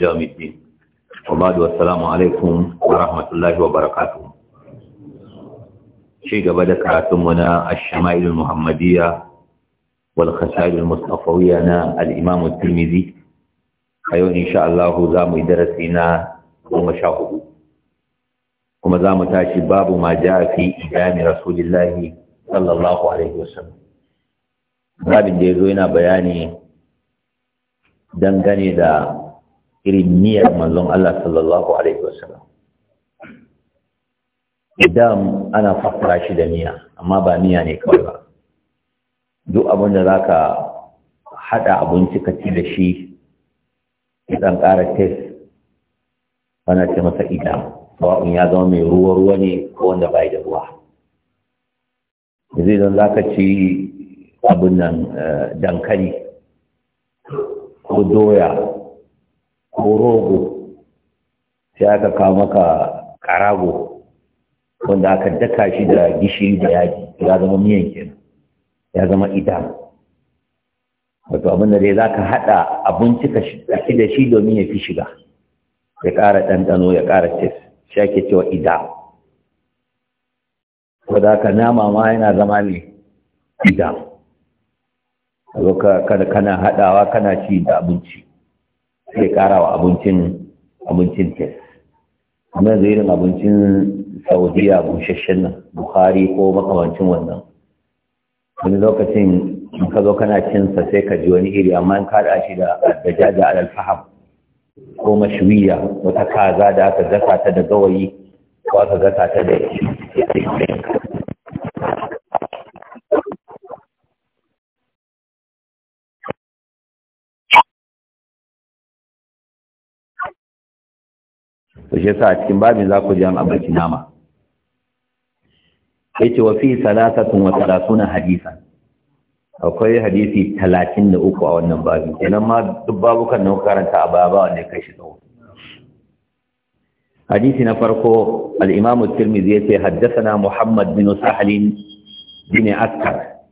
jawon mitin. Obadu, wassalamu alaikun wa rahmatullahi wa barakatu. Ci gaba da karatunmu na Ashamailun Muhammadiyya, wal khasailun Mustafawiyya na al’imamu Tirmizi, a yau, insha Allah, za mu darasi na goma sha hudu. Kuma za mu tashi babu ma ja fi idami Rasulillahi, sallallahu Alaihi wasallam. Babin da ya zo yana bayani dangane da irin niyyar manzon Allah sallallahu alaihi wasallam idan ana fassara shi da niyya amma ba niyya ne kawai ba duk abin da zaka haɗa abinci ka ci da shi idan ƙara tes, bana ce masa idan sawa'un ya zama mai ruwa-ruwa ne ko wanda bai da ruwa zai don za ka ci abin nan eh, dankali ko doya ko rogo sai aka kawo maka karago wanda aka daka shi da gishiri da yaji ya zama miyan kenan ya zama ita wato abin da dai za ka haɗa abinci ka shi da shi domin ya fi shiga ya ƙara ɗanɗano ya ƙara tes shi ake cewa ida ko da ka nama ma yana zama ne ida ka kana haɗawa kana ci da abinci sai ƙara wa abincin abincin tes amma yanzu irin abincin saudiya busasshen nan bukhari ko makamancin wannan wani lokacin in ka zo kana cinsa sai ka ji wani iri amma in da shi da addaja da alfaham ko mashwiya wata kaza da aka gasa ta da gawayi ko aka gasa ta da to shi yasa a cikin babin za ku ji an abarci nama yace wa fi salasatun wa salasuna hadisa. akwai hadisi talatin da uku a wannan babin kenan ma duk babukan na karanta a baya ba wanda ya kai shi tsawo hadisi na farko al-imam at-tirmidhi yace haddathana muhammad bin sahlin bin askar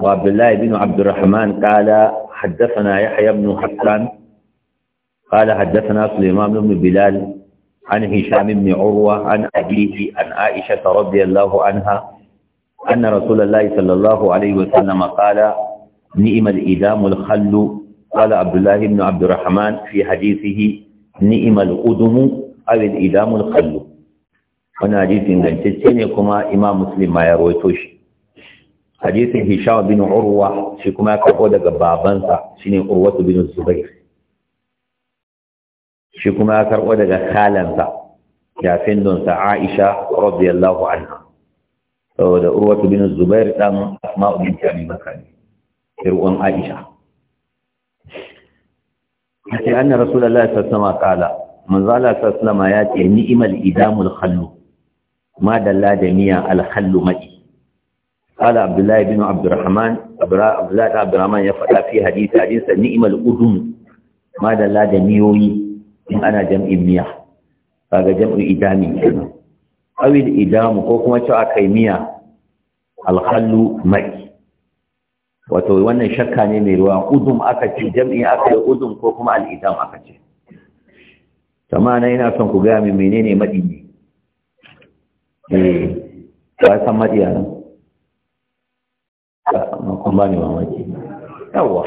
wa abdullah bin abdurrahman qala haddathana yahya ibn hassan qala haddathana sulaiman ibn bilal عن هشام بن عروة عن أبيه عن عائشة رضي الله عنها أن رسول الله صلى الله عليه وسلم قال نئم الإدام الخل قال عبد الله بن عبد الرحمن في حديثه نئم الأدم أو الإدام الخل وانا حديث تسيني كما إمام مسلم ما يرويتوش حديث هشام بن عروة شكما كفودة بابانسا شنو عروة بن الزبير shi kuma ya karɓo daga kalansa yafin donsa aisha radiyallahu anha saboda urwatu bin zubair dan asma'u bin abi bakr irwan aisha sai anna rasulullahi sallallahu alaihi wasallam kala manzo Allah sallallahu alaihi ya ce ni'mal idamul khallu ma dalla da miya al khallu mai قال Abdullahi bin بن عبد الرحمن عبد الله عبد الرحمن يفعل في حديث حديث نعم الأدم ما دل in ana jam'in miya kaga jam'in idami kenan awil idamu ko kuma cewa kai miya alhallu mai wato wannan shakka ne mai ruwa udum aka ce jam'i aka yi udum ko kuma al'idam aka ce tamana yana son ku gaya min menene maɗi ne eh ba san maɗi a nan ba kuma ne mamaki yawwa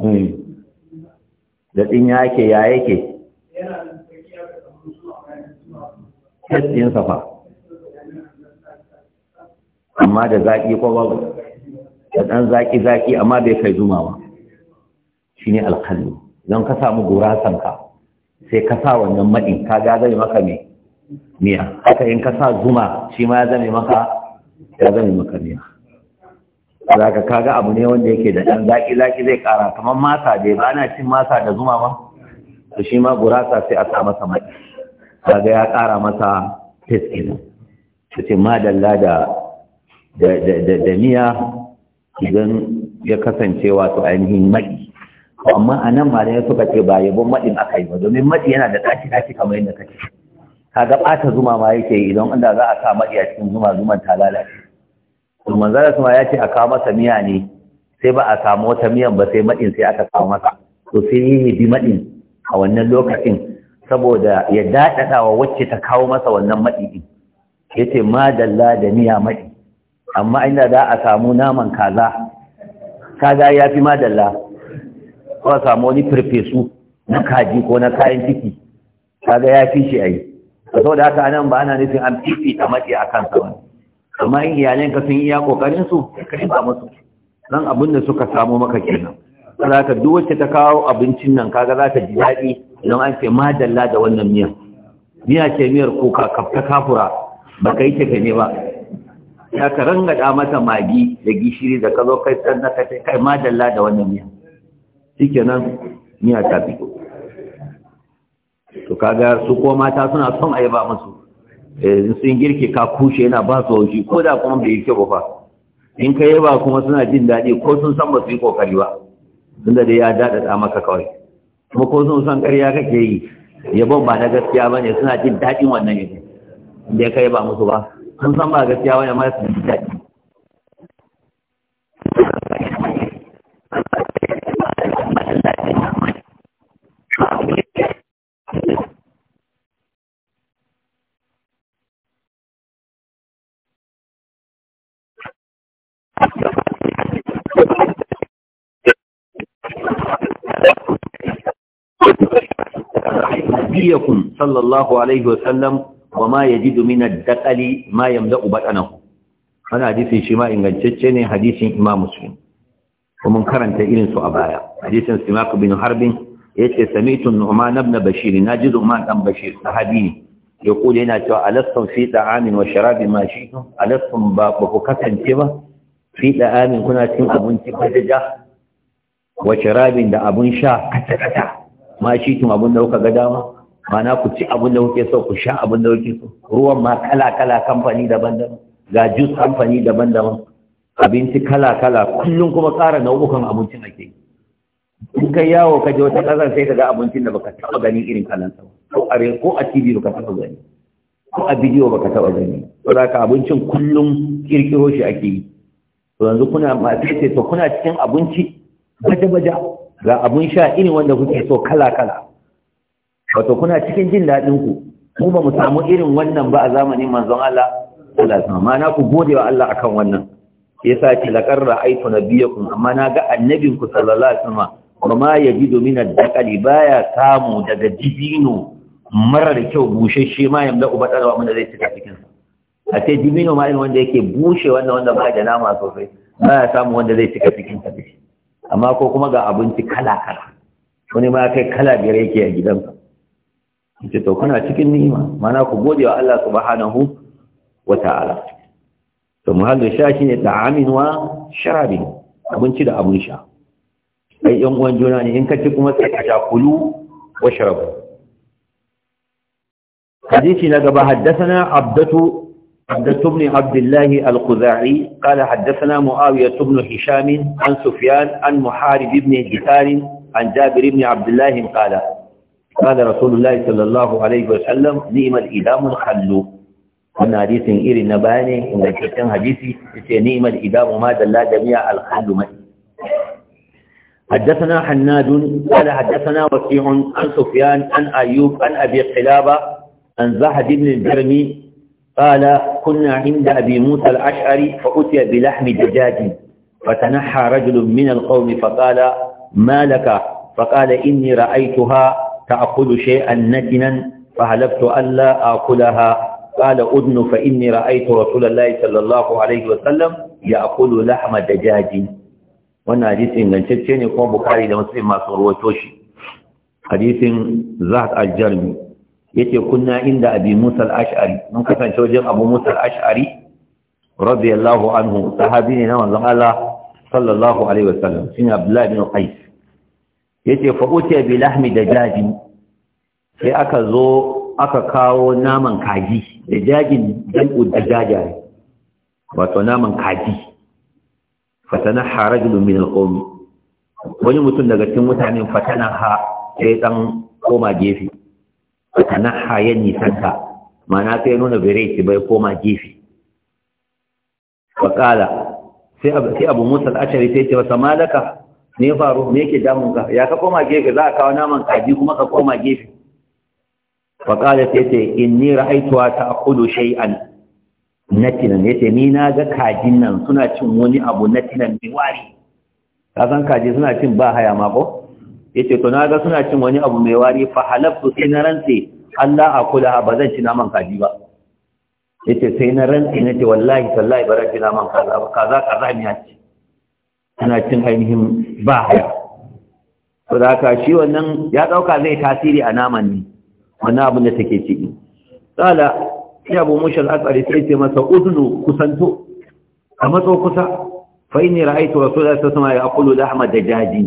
hmm. da ɗin ya ke ya yake tsinyar safa amma da zaƙi ko da ɗan zaƙi-zaƙi amma bai kai zumawa. shi ne alkalli don ka samu gurasanka sai ka sa wannan maɗin ka ga zai maka mai miya haka in ka sa zuma shi ma ya zame maka ya zame maka miya za ka kaga abu ne wanda yake da ɗan zaƙi-zaƙi zai ƙara kamar masa dai ba ana cin masa da zuma ba to shi ma gurasa sai a sa masa mai kaga ya ƙara masa feskin Su ce madalla da da miya idan ya kasance wato ainihin maɗi amma a nan ma ya suka ce ba yabon maɗin aka yi ba domin maɗi yana da ɗaki ɗaci kamar yadda kake kaga ɓata zuma ma yake idan inda za a sa maɗi a cikin zuma zuman ta lalace to manzara ya ce a kawo masa miya ne sai ba a samu wata miyan ba sai madin sai aka kawo masa to sai yi bi madin a wannan lokacin saboda ya daɗaɗawa wacce ta kawo masa wannan maɗi din ya ce dalla da miya maɗi amma inda za a samu naman kaza kaza ya fi ma dalla. ko a samu wani farfesu na kaji ko na kayan ciki kaga ya fi shi a yi saboda haka anan ba ana nufin an fifita maɗi a kansa wani kamar in ka sun iya kokarin su ka ba musu nan abin da suka samu maka kenan za ka duk wacce ta kawo abincin nan kaga za ta ji daɗi don an ce madalla da wannan miyan miya ce miyar kuka kafta kafura ba ka yi tafe ne ba ya ka da mata magi da gishiri da ka zo kai san na kai kai madalla da wannan miya shikenan miya ta fito to kaga su ko mata suna son a yi ba musu Eh, sun girke ka kushe yana ba su haushi ko da kuma bai yi kyau ba in ka yaba kuma suna jin daɗi ko sun san ba su yi kokari ba sun da dai ya ta maka kawai kuma ko sun san ƙarya kake yi yabon ba na gaskiya ba ne suna jin daɗin wannan yake da ya kai ba musu ba sun san ba gaskiya ba ne ma su ji daɗi Thank you. nabiyakum sallallahu alaihi wasallam wa ma yajidu min ad-daqali ma yamla'u batanahu wannan hadisin ne hadisin Imam Muslim kuma karanta irin su a baya hadisin Simak bin Harbin yace sami'tu Nu'man ibn Bashir naji Nu'man dan Bashir sahabi ne yaqul yana cewa alastum fi ta'amin wa sharabin ma shi'tum alastum ba ku kasance ba fi ta'amin kuna cin abinci kajaja wa sharabin da abun sha kata kata ma da kuka ga dama mana ku ci abin da kuke so ku sha abin da kuke so ruwan ma kala-kala kamfani daban-daban ga jus kamfani daban-daban abinci kala-kala kullum kuma ƙara nau'ukan abincin ake yi in kai yawo ka je wata ƙasar sai ka ga abincin da baka taɓa gani irin sa ko a ko a tv baka taɓa gani ko a bidiyo baka taɓa gani to za ka abincin kullum kirkiro shi ake yi to yanzu kuna sai to kuna cikin abinci baje baje ga abun sha irin wanda kuke so kala-kala wato kuna cikin jin daɗin ku mu ba mu samu irin wannan ba a zamanin manzon Allah Allah Ma na ku gode wa Allah akan wannan yasa ce laqad ra'aytu nabiyakum amma na ga annabin ku, sallallahu alaihi wasallam kuma yajidu min ad-daqali baya samu daga dibino marar kyau bushashe ma yamda ubadarwa mun zai cika cikin sa a ce dibino ma irin wanda yake bushe wannan wanda ba da nama sosai baya samu wanda zai cika cikin sa amma ko kuma ga abinci kala kala wani ma kai kala biyar yake a gidansa ce to kuna cikin ni'ima mana ku gode wa Allah subhanahu wa ta'ala to muhallin sha shine ta'amin wa sharabi abinci da abun sha ai yan uwan juna ne in ka ci kuma sai ka sha kulu wa sharabu hadisi na gaba haddathana abdatu حدث بن عبد الله القزاعي قال حدثنا معاوية بن هشام عن سفيان عن محارب بن هشام عن جابر بن عبد الله قال قال رسول الله صلى الله عليه وسلم نعم الإدام الخلو وانا حديث إيري نباني إن كتن حديثي يتي نعم الإدام ما لا جميع الخلو من حدثنا حناد قال حدثنا وسيع عن سفيان عن أيوب عن أبي قلابة عن زهد بن الجرمي قال كنا عند أبي موسى الأشعري فأتي بلحم دجاج فتنحى رجل من القوم فقال ما لك فقال إني رأيتها تأخذ شيئا نتنا فهلبت ألا آكلها قال أدن فإني رأيت رسول الله صلى الله عليه وسلم يأكل لحم دجاج وانا حديث إن تبتيني قوم بكاري لمسلم ما صور وتوشي حديث زهد الجرمي يتي كنا عند أبي موسى الأشعري ممكن تنشوجين أبو موسى الأشعري رضي الله عنه صحابيني نوان الله صلى الله عليه وسلم سنة عبد الله بن قيس yace fa utiya bi lahmi dajaji sai aka zo aka kawo naman kaji dajajin jam'u dajaja wato naman kaji fatana harajul min alqawm wani mutum daga cikin mutanen fatana ha sai dan koma gefe fatana ha yanni nisanta mana sai nuna bere bai koma gefe fa kala sai abu musa al-ashari sai ce wa samalaka ne faru me yake damun ka ya ka koma gefe za a kawo naman kaji kuma ka koma gefe fa qala yace inni kudu ta'khudhu shay'an natinan yace ni na ga kajin nan suna cin wani abu natinan mai wari ka san kaji suna cin ba haya ma ko yace to na ga suna cin wani abu mai wari fa Halabtu sai na rantse Allah akula ba zan ci naman kaji ba yace sai na rantse nace wallahi tallahi ba ci naman kaza ba kaza kaza ne yace ana cin ainihin ba haya to da haka shi wannan ya ɗauka zai tasiri a naman ne wannan abin da take ciki tsala ya abu mushal asari sai ce masa uzunu kusanto a matso kusa fa inni ra'aytu rasulullahi sallallahu alaihi wasallam yaqulu da dajajin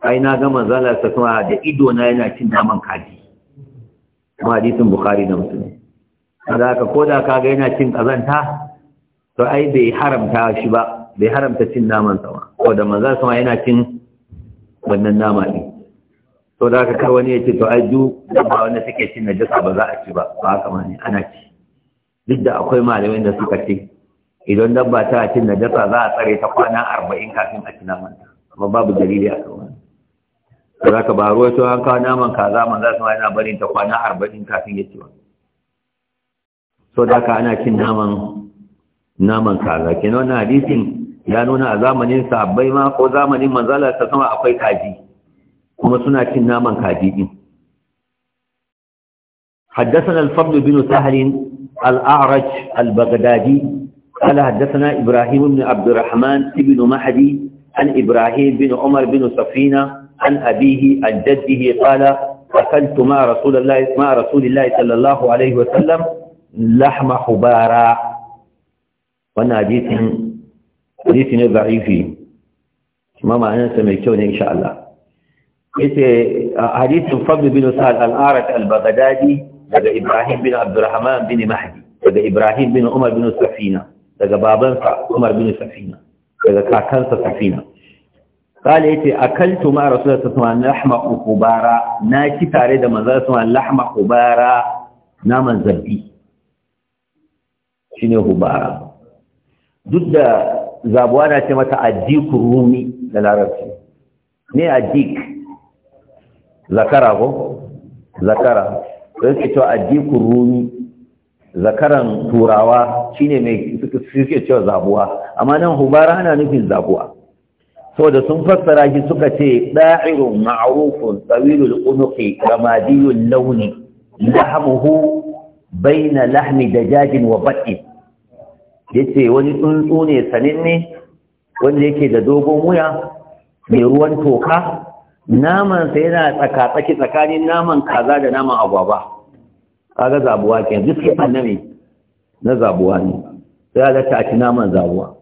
ai na ga manzo Allah sallallahu alaihi da ido na yana cin naman kaji kuma hadisin bukhari da muslim da ka koda yana cin kazanta to ai bai haramta shi ba bai haramta cin naman sama ko da manzo sama yana cin wannan nama ne to da haka kar wani ya ce to ai du ba wanda take cin najasa ba za a ci ba ba haka ma ne ana ci duk da akwai malamai da suka ce idan dabba ta cin najasa za a tsare ta kwana arba'in kafin a ci naman ta amma babu dalili a kan to da haka ba ruwa to an kawo naman kaza manzo sama yana barin ta kwana arba'in kafin ya ci ba. so da haka ana cin naman naman kaza kenan wannan hadisin ya nuna a zamanin sahabbai ma ko zamanin manzala ta sama akwai kaji kuma suna cin naman kaji din حدثنا الفضل بن سهل الأعرج البغدادي قال حدثنا إبراهيم بن عبد الرحمن بن مهدي عن إبراهيم بن عمر بن سفينة عن أبيه عن جده قال أكلت مع رسول الله مع رسول الله صلى الله عليه وسلم لحم حبارا وانا حديث hadisi ne za'ifi kuma ma'anarsa mai kyau ne insha Allah yace hadisin fadl bin sa'ad al-arat al-baghdadi daga Ibrahim bin Abdurrahman bin Mahdi daga Ibrahim bin Umar bin Safina daga babansa Umar bin Safina daga kakansa Safina قال يتي أكلت مع رسول الله صلى الله عليه وسلم لحمة خبارة ناكي تاريد من ذلك صلى لحمة خبارة نام زبي شنو خبارة ضد zabuwa na ce mata addiku rumi da larabci ne addik zakara ko zakara sai suke cewa addiku rumi zakaran turawa shine mai suke cewa zabuwa amma nan hubara ana nufin zabuwa saboda sun fassara shi suka ce da'irun ma'rufun tsawilul unuqi ramadiyul launi lahmuhu baina lahmi dajajin wa bat'in yace wani tsuntsu ne saninne wanda yake da dogon wuya mai ruwan toka namansa yana tsakatsaki tsakanin naman kaza da naman agwaba kaga zabuwa ke duk sifan na na zabuwa ne sai halatta a ci naman zabuwa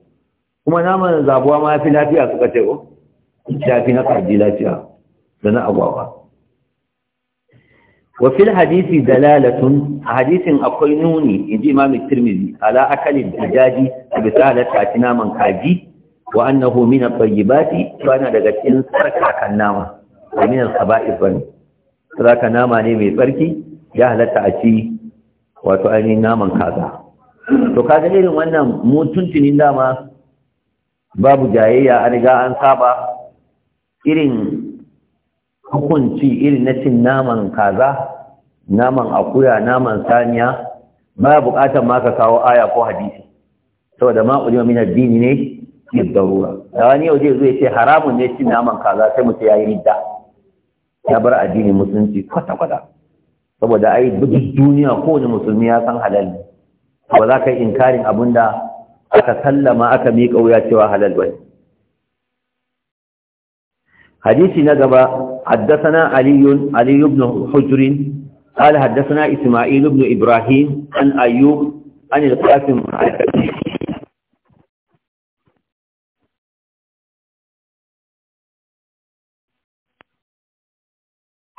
kuma naman zabuwa ma fi lafiya suka ce ko ya fi na kaji lafiya da na agwaba Wa fili hadisi da lalatun a hadisin akwai nuni in ji ma mai turmi. A la'aƙalin, a da daji, a mai kaji. Wa annaho min a fargi daga filin tsarki kan nama. A minan saba'in ba ne. Tsaraka nama ne mai tsarki, ya halarta a ci, wato ainihin naman kaza. To kaga irin wannan mu dama, babu jayayya an ga an saba irin. hukunci irin na cin naman kaza naman akuya naman saniya ba bukatar ma ka kawo aya ko hadisi saboda ma ulima min addini ne ya darura da wani yau zai zo ya ce haramun ne cin naman kaza sai mu ya yi ridda ya bar addinin musulunci kwata kwata saboda ai duk duniya kowane musulmi ya san halal ne ba za ka yi inkarin da aka sallama aka miƙa wuya cewa halal bane حديث نقبة حدثنا علي علي بن حجر قال حدثنا إسماعيل بن إبراهيم عن أيوب عن القاسم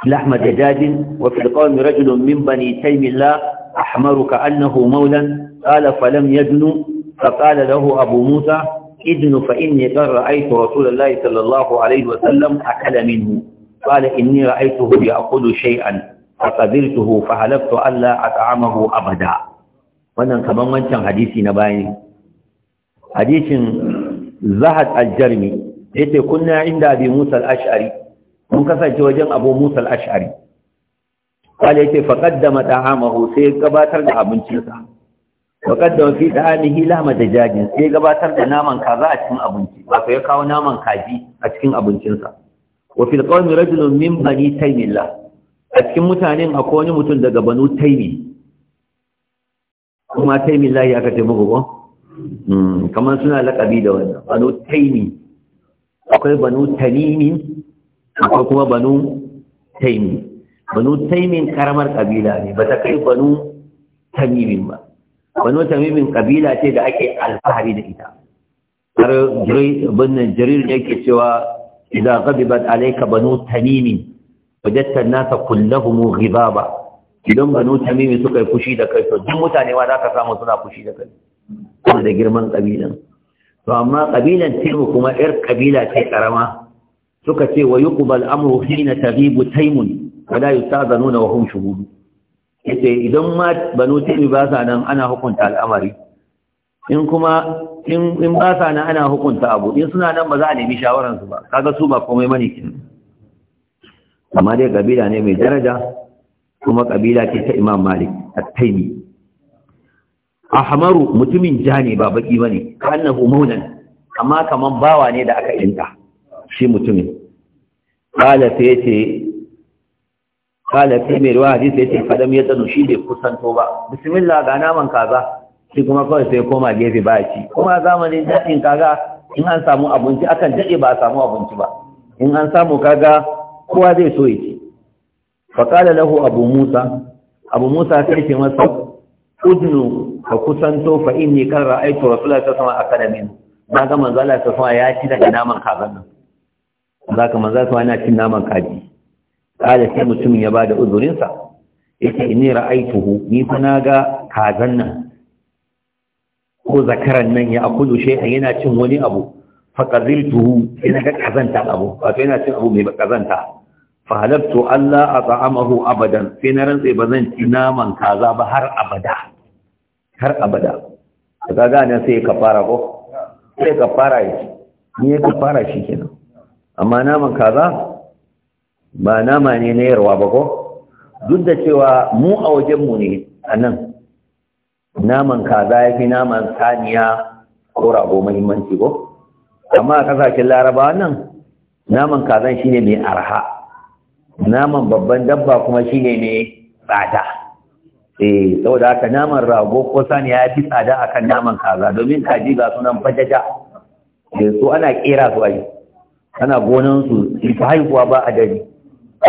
لحم دجاج وفي القوم رجل من بني تيم الله أحمر كأنه مولا قال فلم يدن فقال له أبو موسى idnu fa inni qad ra'aytu rasulullahi sallallahu alaihi wa sallam akala minhu qala inni ra'aytuhu ya'kulu shay'an faqadirtuhu fa halaftu alla at'amahu abada wannan kaman wancan hadisi na bayani hadisin zahad al-jarmi yace kunna inda bi musa al-ash'ari mun kasance wajen abu musa al-ash'ari qala yace faqaddama ta'amahu sai gabatar da abincinsa wa qaddama fi ta'amihi da jajin sai gabatar da naman kaza a cikin abinci wato ya kawo naman kaji a cikin abincinsa wa fil qawmi rajulun min bani taymillah a cikin mutanen akwai wani mutum daga banu taymi kuma taymillah ya ka ce muku hmm, kamar suna lakabi da wannan banu taymi akwai banu tanimi akwai kuma banu taymi banu taymin karamar kabila ne ba ta kai banu tanimin ba banu tamimin kabila ce da ake alfahari da ita har binnan jarir yake cewa idan ghadibat alaika banu tamim wajadta an-nasa kullahum ghibaba idan banu tamim suka yi fushi da kai to duk mutane ma ka samu suna fushi da kai da girman kabilan to amma kabilan taimu kuma yar kabila ce karama suka ce wa yuqbal amru hina taghibu taimun wala nuna wa hum shuhudu yace idan ma banu tumi ba sa nan ana hukunta al'amari in kuma in ba sa nan ana hukunta abu in suna nan ba za a nemi shawaran su ba kaga su ba komai mani kin amma dai kabila ne mai daraja kuma kabila ce ta Imam Malik at-Taymi ahmaru mutumin ja ne ba baki bane annahu maunan amma kaman bawa ne da aka inda shi mutumin qala sai yace kala sai mai ruwa hadisi ya ce fadam ya tsano shi bai kusanto ba bismillah ga naman kaza shi kuma kawai sai koma gefe ba ci kuma zamanin daɗin kaga in an samu abinci akan daɗe ba a samu abinci ba in an samu kaga kowa zai so ya ci faƙala lahu abu musa abu musa sai ce masa udnu ka kusanto fa inni kan ra'aitu rasulullah ta sama akadamin na ga manzala ta sama ya ci daga naman kaza nan za ka manzala ta yana cin naman kaji kada sai mutumin ya bada uzurinsa yace inni ra'aituhu ni fa na ga kazan nan ko zakaran nan ya akulu shay'an yana cin wani abu fa qaziltuhu ina ga kazanta abu wato yana cin abu mai kazanta fa halabtu alla at'amahu abadan sai na rantsa ba zan ci naman kaza ba har abada har abada kaga nan sai kafara ko sai kafara yi ni kafara shi kenan amma naman kaza ba nama ne na yarwa ba ko duk da cewa mu a wajenmu ne a nan naman kaza ya fi naman saniya ko rago mahimmanci ko amma a kasashen laraba nan naman kazan shine mai arha naman babban dabba kuma shine mai tsada eh saboda haka naman rago ko saniya ya fi tsada akan naman kaza domin kaji ga sunan fajaja eh ana kera su ai ana gonan su ba haihuwa ba a dare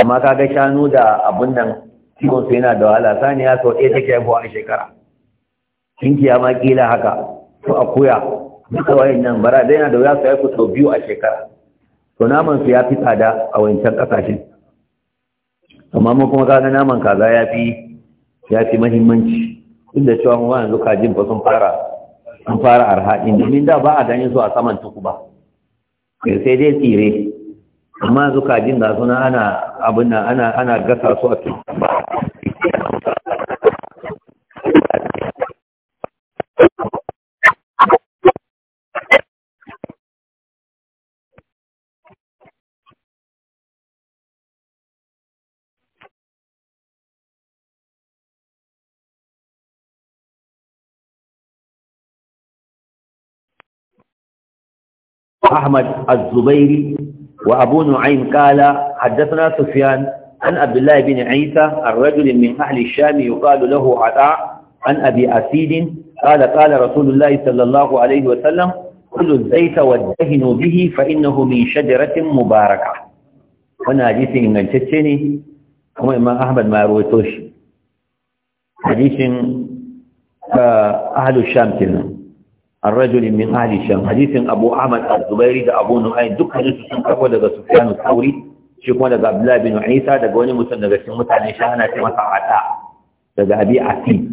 amma kaga shanu da abun nan ciwon su yana da wahala saniya sau ɗaya take haihuwa a shekara kinkiya ma kila haka su akuya duka wayan nan bara da yana da wuya su haihu sau biyu a shekara to naman su ya fi tsada a wancan ƙasashen amma mu kuma kaga naman kaza ya fi ya fi mahimmanci duk da cewa mu ma yanzu kajin fa sun fara an fara arha domin da ba a ganin su a saman tuku ba sai dai tsire amma yanzu jin da suna ana abin da ana ana gasa su a cikin Ahmad Az-Zubairi وأبو نعيم قال حدثنا سفيان عن عبد الله بن عيسى الرجل من أهل الشام يقال له عطاء عن أبي أسيد قال قال رسول الله صلى الله عليه وسلم كل الزيت والدهن به فإنه من شجرة مباركة هنا حديث إن تتشني هو إمام أحمد ما رويتوش حديث آه، أهل الشام كلهم الرجل من أهل الشام حديث أبو عمد الزبيري ده أبو نعين دك حديث سنكبو ده سفيان الثوري شكوان ده عبد الله بن عيسى ده قولي مسلم ده نشانة عن شهنة عطاء ده أبي عتيب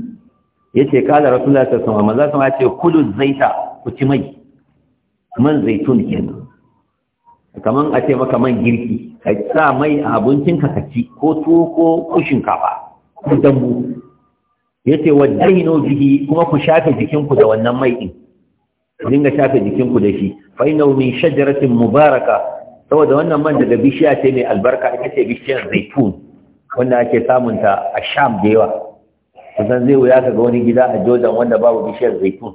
يتي قال رسول الله صلى الله عليه وسلم ماذا سمع كل الزيت كتمي من زيتون كن كمان أتي ce maka جيركي girki مي sa mai abincin ka كو ko كابا ko يتي ودينو جهي dambu كشاك wa daino ونمي kuma dinga shafe jikinku da shi fa innahu min shajaratin mubaraka saboda wannan man daga bishiya ce mai albarka ita ce bishiyar zaitun wanda ake samun ta a sham da yawa kusan zai wuya ka ga wani gida a jordan wanda babu bishiyar zaitun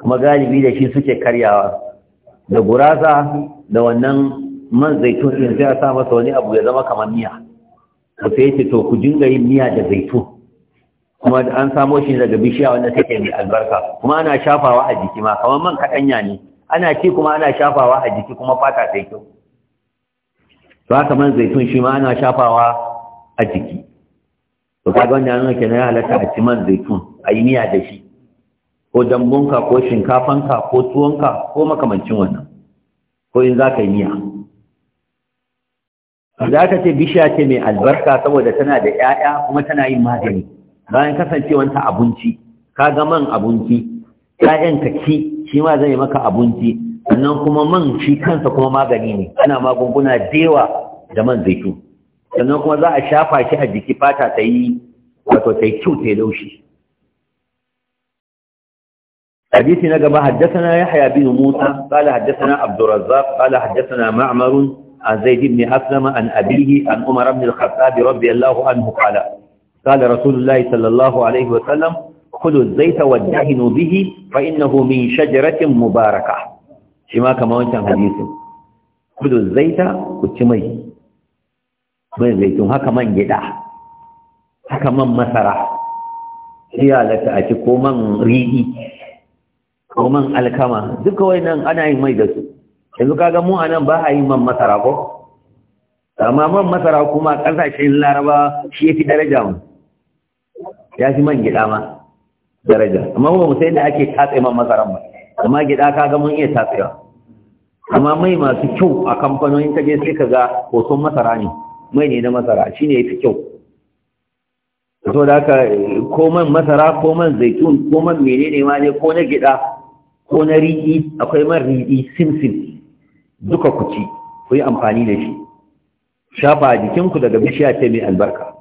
kuma galibi da shi suke karyawa da gurasa da wannan man zaitun din sai a sa masa wani abu ya zama kamar miya to sai ce to ku dinga yin miya da zaitun kuma an samo shi daga bishiya wanda take mai albarka kuma ana shafawa a jiki ma kamar man kaɗanya ne ana ci kuma ana shafawa a jiki kuma fata ta kyau to haka man zaitun shi ma ana shafawa a jiki to ga wanda nuna kenan ya halatta a ci man zaitun a yi miya da shi ko dambunka ko shinkafanka ko tuwonka ko makamancin wannan ko in za ka yi miya za ka ce bishiya ce mai albarka saboda tana da 'ya'ya kuma tana yin magani bayan kasancewanta abinci ka ga man abinci ƴaƴan ka ci shi ma zai maka abinci sannan kuma man shi kansa kuma magani ne ana magunguna da da man zaitun sannan kuma za a shafa shi a jiki fata ta yi wato ta yi kyau ta yi laushi حديثنا نجم حدثنا يحيى بن موسى قال حدثنا عبد الرزاق قال حدثنا معمر عن زيد بن أسلم عن أبيه عن أمر بن الخطاب رضي الله عنه قال قال رسول الله صلى الله عليه وسلم خذوا الزيت والدهنوا به فإنه من شجرة مباركة شما كما وانتم حديث خذوا الزيت كتمي من زيتون هكا من جدا هكا من مسرح هي لك أتكو من ريدي ko man alkama duka wayannan ana yin mai da su yanzu kaga mu anan ba a yi man masara ko amma man masara kuma ƙasashen laraba shi ya fi daraja mu ya fi man gida ma daraja amma ba mu sai da ake tatse man masaran ba amma gida ka ga mun iya tatsewa amma mai masu kyau a kamfanonin ta je sai ka ga hoton masara ne mai ne na masara shi ne ya fi kyau so da haka ko man masara ko man zaitun ko man menene ma ne ko na gida ko na riɗi akwai man riɗi simsim duka ku ci ku yi amfani da shi shafa jikinku daga bishiya ce mai albarka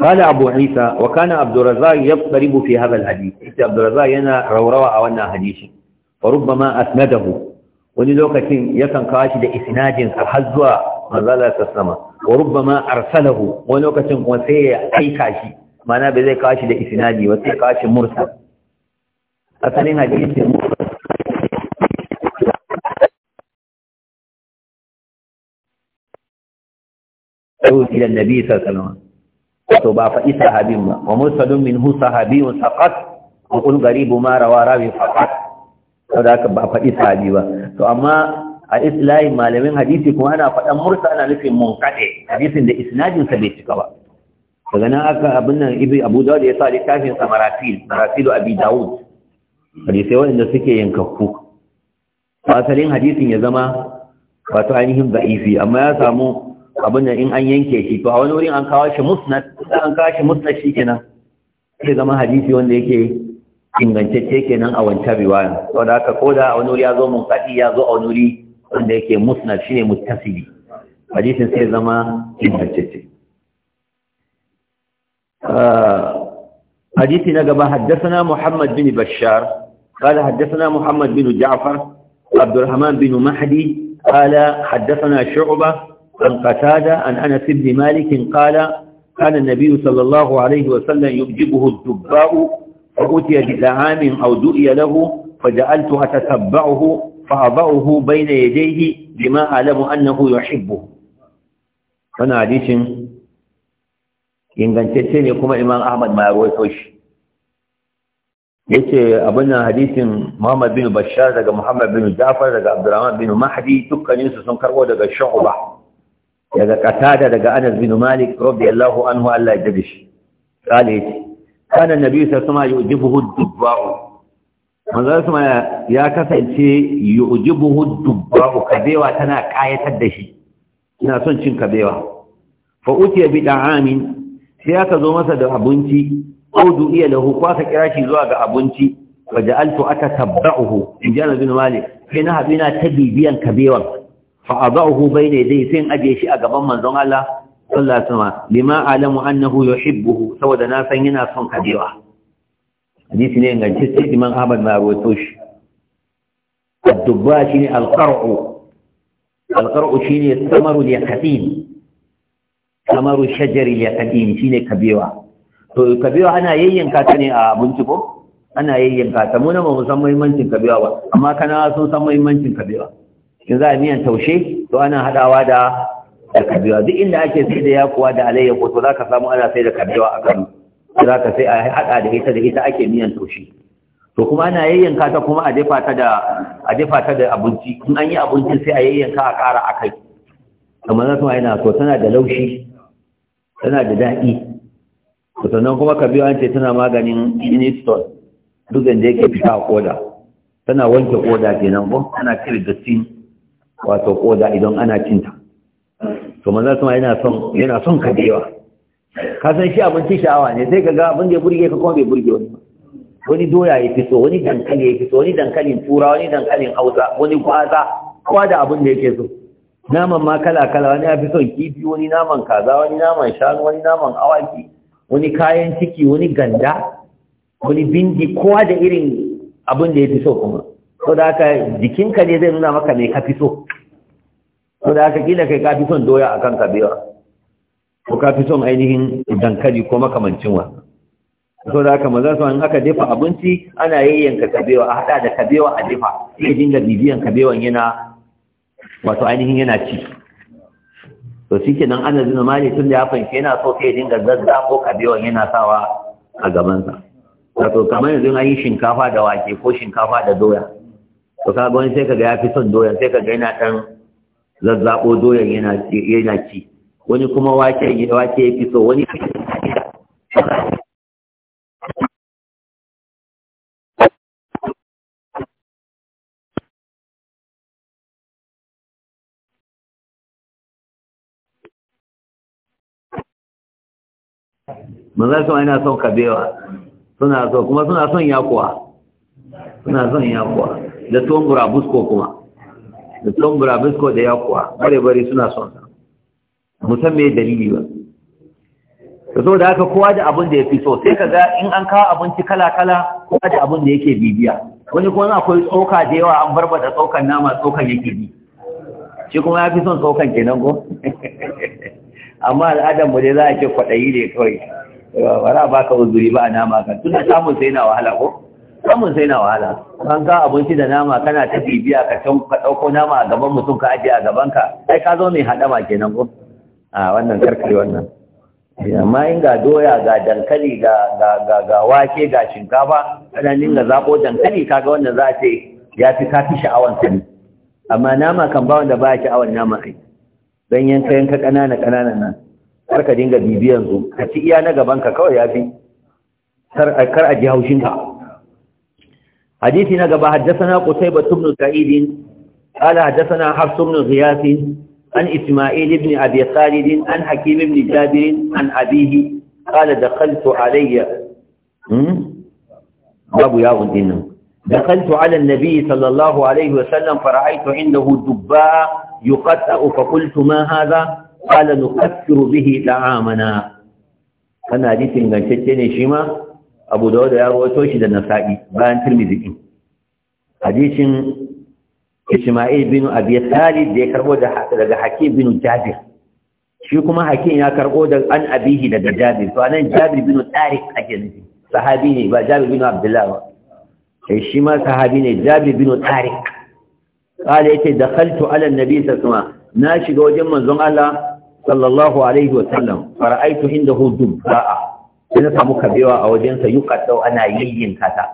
قال أبو عيسى وكان عبد الرزاق يضطرب في هذا الحديث حتى عبد الرزاق ينا روروا أولنا حديث وربما أسنده ونلوك يكن يسن لاسناد إسناج الحزوى مظالة السلامة وربما أرسله ونلوك تين وسيع أي كاشي معنى بذي قاشد إسناج وسيع قاشد مرسل أسنين حديث إلى النبي صلى الله عليه وسلم wato ba isa habin ba wa mursalun min hu saqat wa qul garibu ma rawa rawi faqat saboda ka ba isa sahabi ba to amma a islahi malamin hadisi kuma ana faɗan mursa ana nufin munqati hadisin da isnadin sa bai cika ba daga nan aka abin nan ibi abu dawud ya sa littafin sa marasil marasilu abi dawud hadisai wanda suke yankaku asalin hadisin ya zama wato ainihin da'ifi amma ya samu abin da in an yanke shi to a wani wurin an kawo shi musnad an kawo shi musnad shi kenan sai zama hadisi wanda yake ingantacce kenan a wancan riwaya saboda haka ko a wani wuri ya zo mun kadi ya zo a wani wuri wanda yake musnad shine muttasili hadisin sai zama ingantacce حديث ah, gaba حدثنا محمد بن بشار قال حدثنا محمد بن جعفر عبد الرحمن بن مهدي قال حدثنا شعبة عن قتادة عن أنس بن مالك قال كان النبي صلى الله عليه وسلم يبجبه الدباء فأتي بزعام أو دؤي له فجعلت أتتبعه فأضعه بين يديه بما أعلم أنه يحبه فأنا ne kuma imam ahmad ma ya yace abin nan hadisin muhammad bin bashar daga muhammad bin jafar daga abdurrahman bin mahdi dukkanin su sun karbo daga shu'ba daga qatada daga Anas bin Malik radiyallahu anhu Allah ya jabe shi kale ce kana nabi sallallahu alaihi wasallam yujibuhu manzo sama ya kasance yujibuhu dubba'u kabewa tana kayatar da shi ina son cin kabewa fa utiya bi da'amin sai aka zo masa da abinci ko iya lahu ko aka kira shi zuwa ga abinci fa ja'altu atatabba'uhu injana bin Malik sai na tabibiyan ta bibiyan kabewan fa adahu bayna yadayhi sai aje shi a gaban manzon Allah sallallahu alaihi wasallam lima alamu annahu yuhibbuhu saboda na san yana son kabewa hadisi ne ingance sai Imam Ahmad na rawaito shi الدباء شيني القرع القرع شيني الثمر اليقتين ثمر الشجر اليقتين شيني كبيوة to kabewa ana yayyanka ta ne a abinci ko, ana yayyanka ta mu na mu san muhimmancin kabewa ba amma kana sun san muhimmancin kabewa in za a miyan taushe to ana hadawa da da kabewa duk inda ake sai da yakuwa da alayya ko to za ka samu ana sai da kabewa a kan za ka sai a haɗa da ita da ita ake miyan taushe to kuma ana yayyanka ta kuma a jefa ta da a jefa ta da abinci in an yi abincin sai a yayyanka a ƙara a kai kamar zan kuma ina to tana da laushi tana da daɗi to sannan kuma kabewa an ce tana maganin iniston duk da yake fita a koda tana wanke koda kenan ko tana cire dustin wato koda idan ana cinta to manzo ma yana son yana son kadewa ka san shi abinci sha'awa ne sai kaga abin da ya burge ka kuma bai burge wani wani doya ya fito wani dankali ya fito wani dankalin tura wani dankalin hausa wani kwaza kowa da abin da yake so naman ma kala kala wani ya fi son kifi wani naman kaza wani naman shanu wani naman awaki wani kayan ciki wani ganda wani bindi kowa da irin abin da ya fi so kuma ko da haka jikinka ne zai nuna maka mai ka so ko da haka kila kai ka fi son doya akan kabewa ko ka fi son ainihin dankali ko makamancin wa so da haka maza su aka dafa abinci ana yayyanka kabewa a hada da kabewa a dafa sai dinga bibiyan kabewan yana wato ainihin yana ci to shike nan ana zina mali tun da ya fanke yana so sai dinga zazza ko kabewan yana sawa a gabansa wato kamar yanzu an yi shinkafa da wake ko shinkafa da doya to kaga wani sai kaga ya fi son doyan sai kaga yana ɗan zazzabo doyan yana yana ci wani kuma wake wake ya fi so wani Maza sama yana son kabewa suna so kuma suna son yakuwa suna son yakuwa da tuwon burabusko kuma da tuwon burabusko da yakuwa bare-bare suna son sa musamman dalili ba da so da haka kowa da abin da ya fi so sai ka ga in an kawo abinci kala-kala kowa da abin da yake bibiya wani kuma akwai tsoka da yawa an barbada tsokan nama tsokan yake bi shi kuma ya fi son tsokan kenan ko amma al'adar mu dai za a ce kwaɗayi ne kawai ba za a baka uzuri ba a nama kan tun da samun sai na wahala ko samun sai na wahala kan ga abinci da nama kana ta bibiya ka can ka ɗauko nama a gaban mutum ka ajiye a gaban ka ai ka zo mai haɗama kenan ko a wannan karkare wannan amma in ga doya ga dankali ga ga ga ga wake ga shinkafa kana dinga zaɓo dankali kaga wannan za a ce ya fi ka fi sha'awan sani amma nama kan ba wanda ba ya sha'awan nama ai don yanka yanka ƙanana ƙanana nan kar ka dinga bibiyan su ka ci iya na gaban ka kawai ya fi kar a ji haushin ka hadisi na gaba haddathana qutayba ibn sa'id qala haddathana hafs ibn ghiyas an isma'il ibn abi khalid an hakim ibn jabir an abihi qala dakhaltu alayya babu yawon دخلت على النبي صلى الله عليه وسلم فرأيت عنده دباء يقطع فقلت ما هذا قال نكفر به طعامنا أنا حديث غنشتني شيما abu dawud ya rawaito shi da nasa'i bayan tirmidhi din hadisin isma'il bin abi da ya karbo daga hakim bin jabir shi kuma hakim ya karbo da an abihi daga jabir to anan jabir bin tariq ake nufi sahabi ne ba jabir bin abdullah ba sai eh, shi ma sahabi ne jabir bin tariq قال يتي دخلت على النبي صلى الله عليه وسلم ناشي وجه منزون صلى الله عليه وسلم فرأيت عنده دباء sai na samu kabewa a wajensa yi kaddau ana yayyanka ta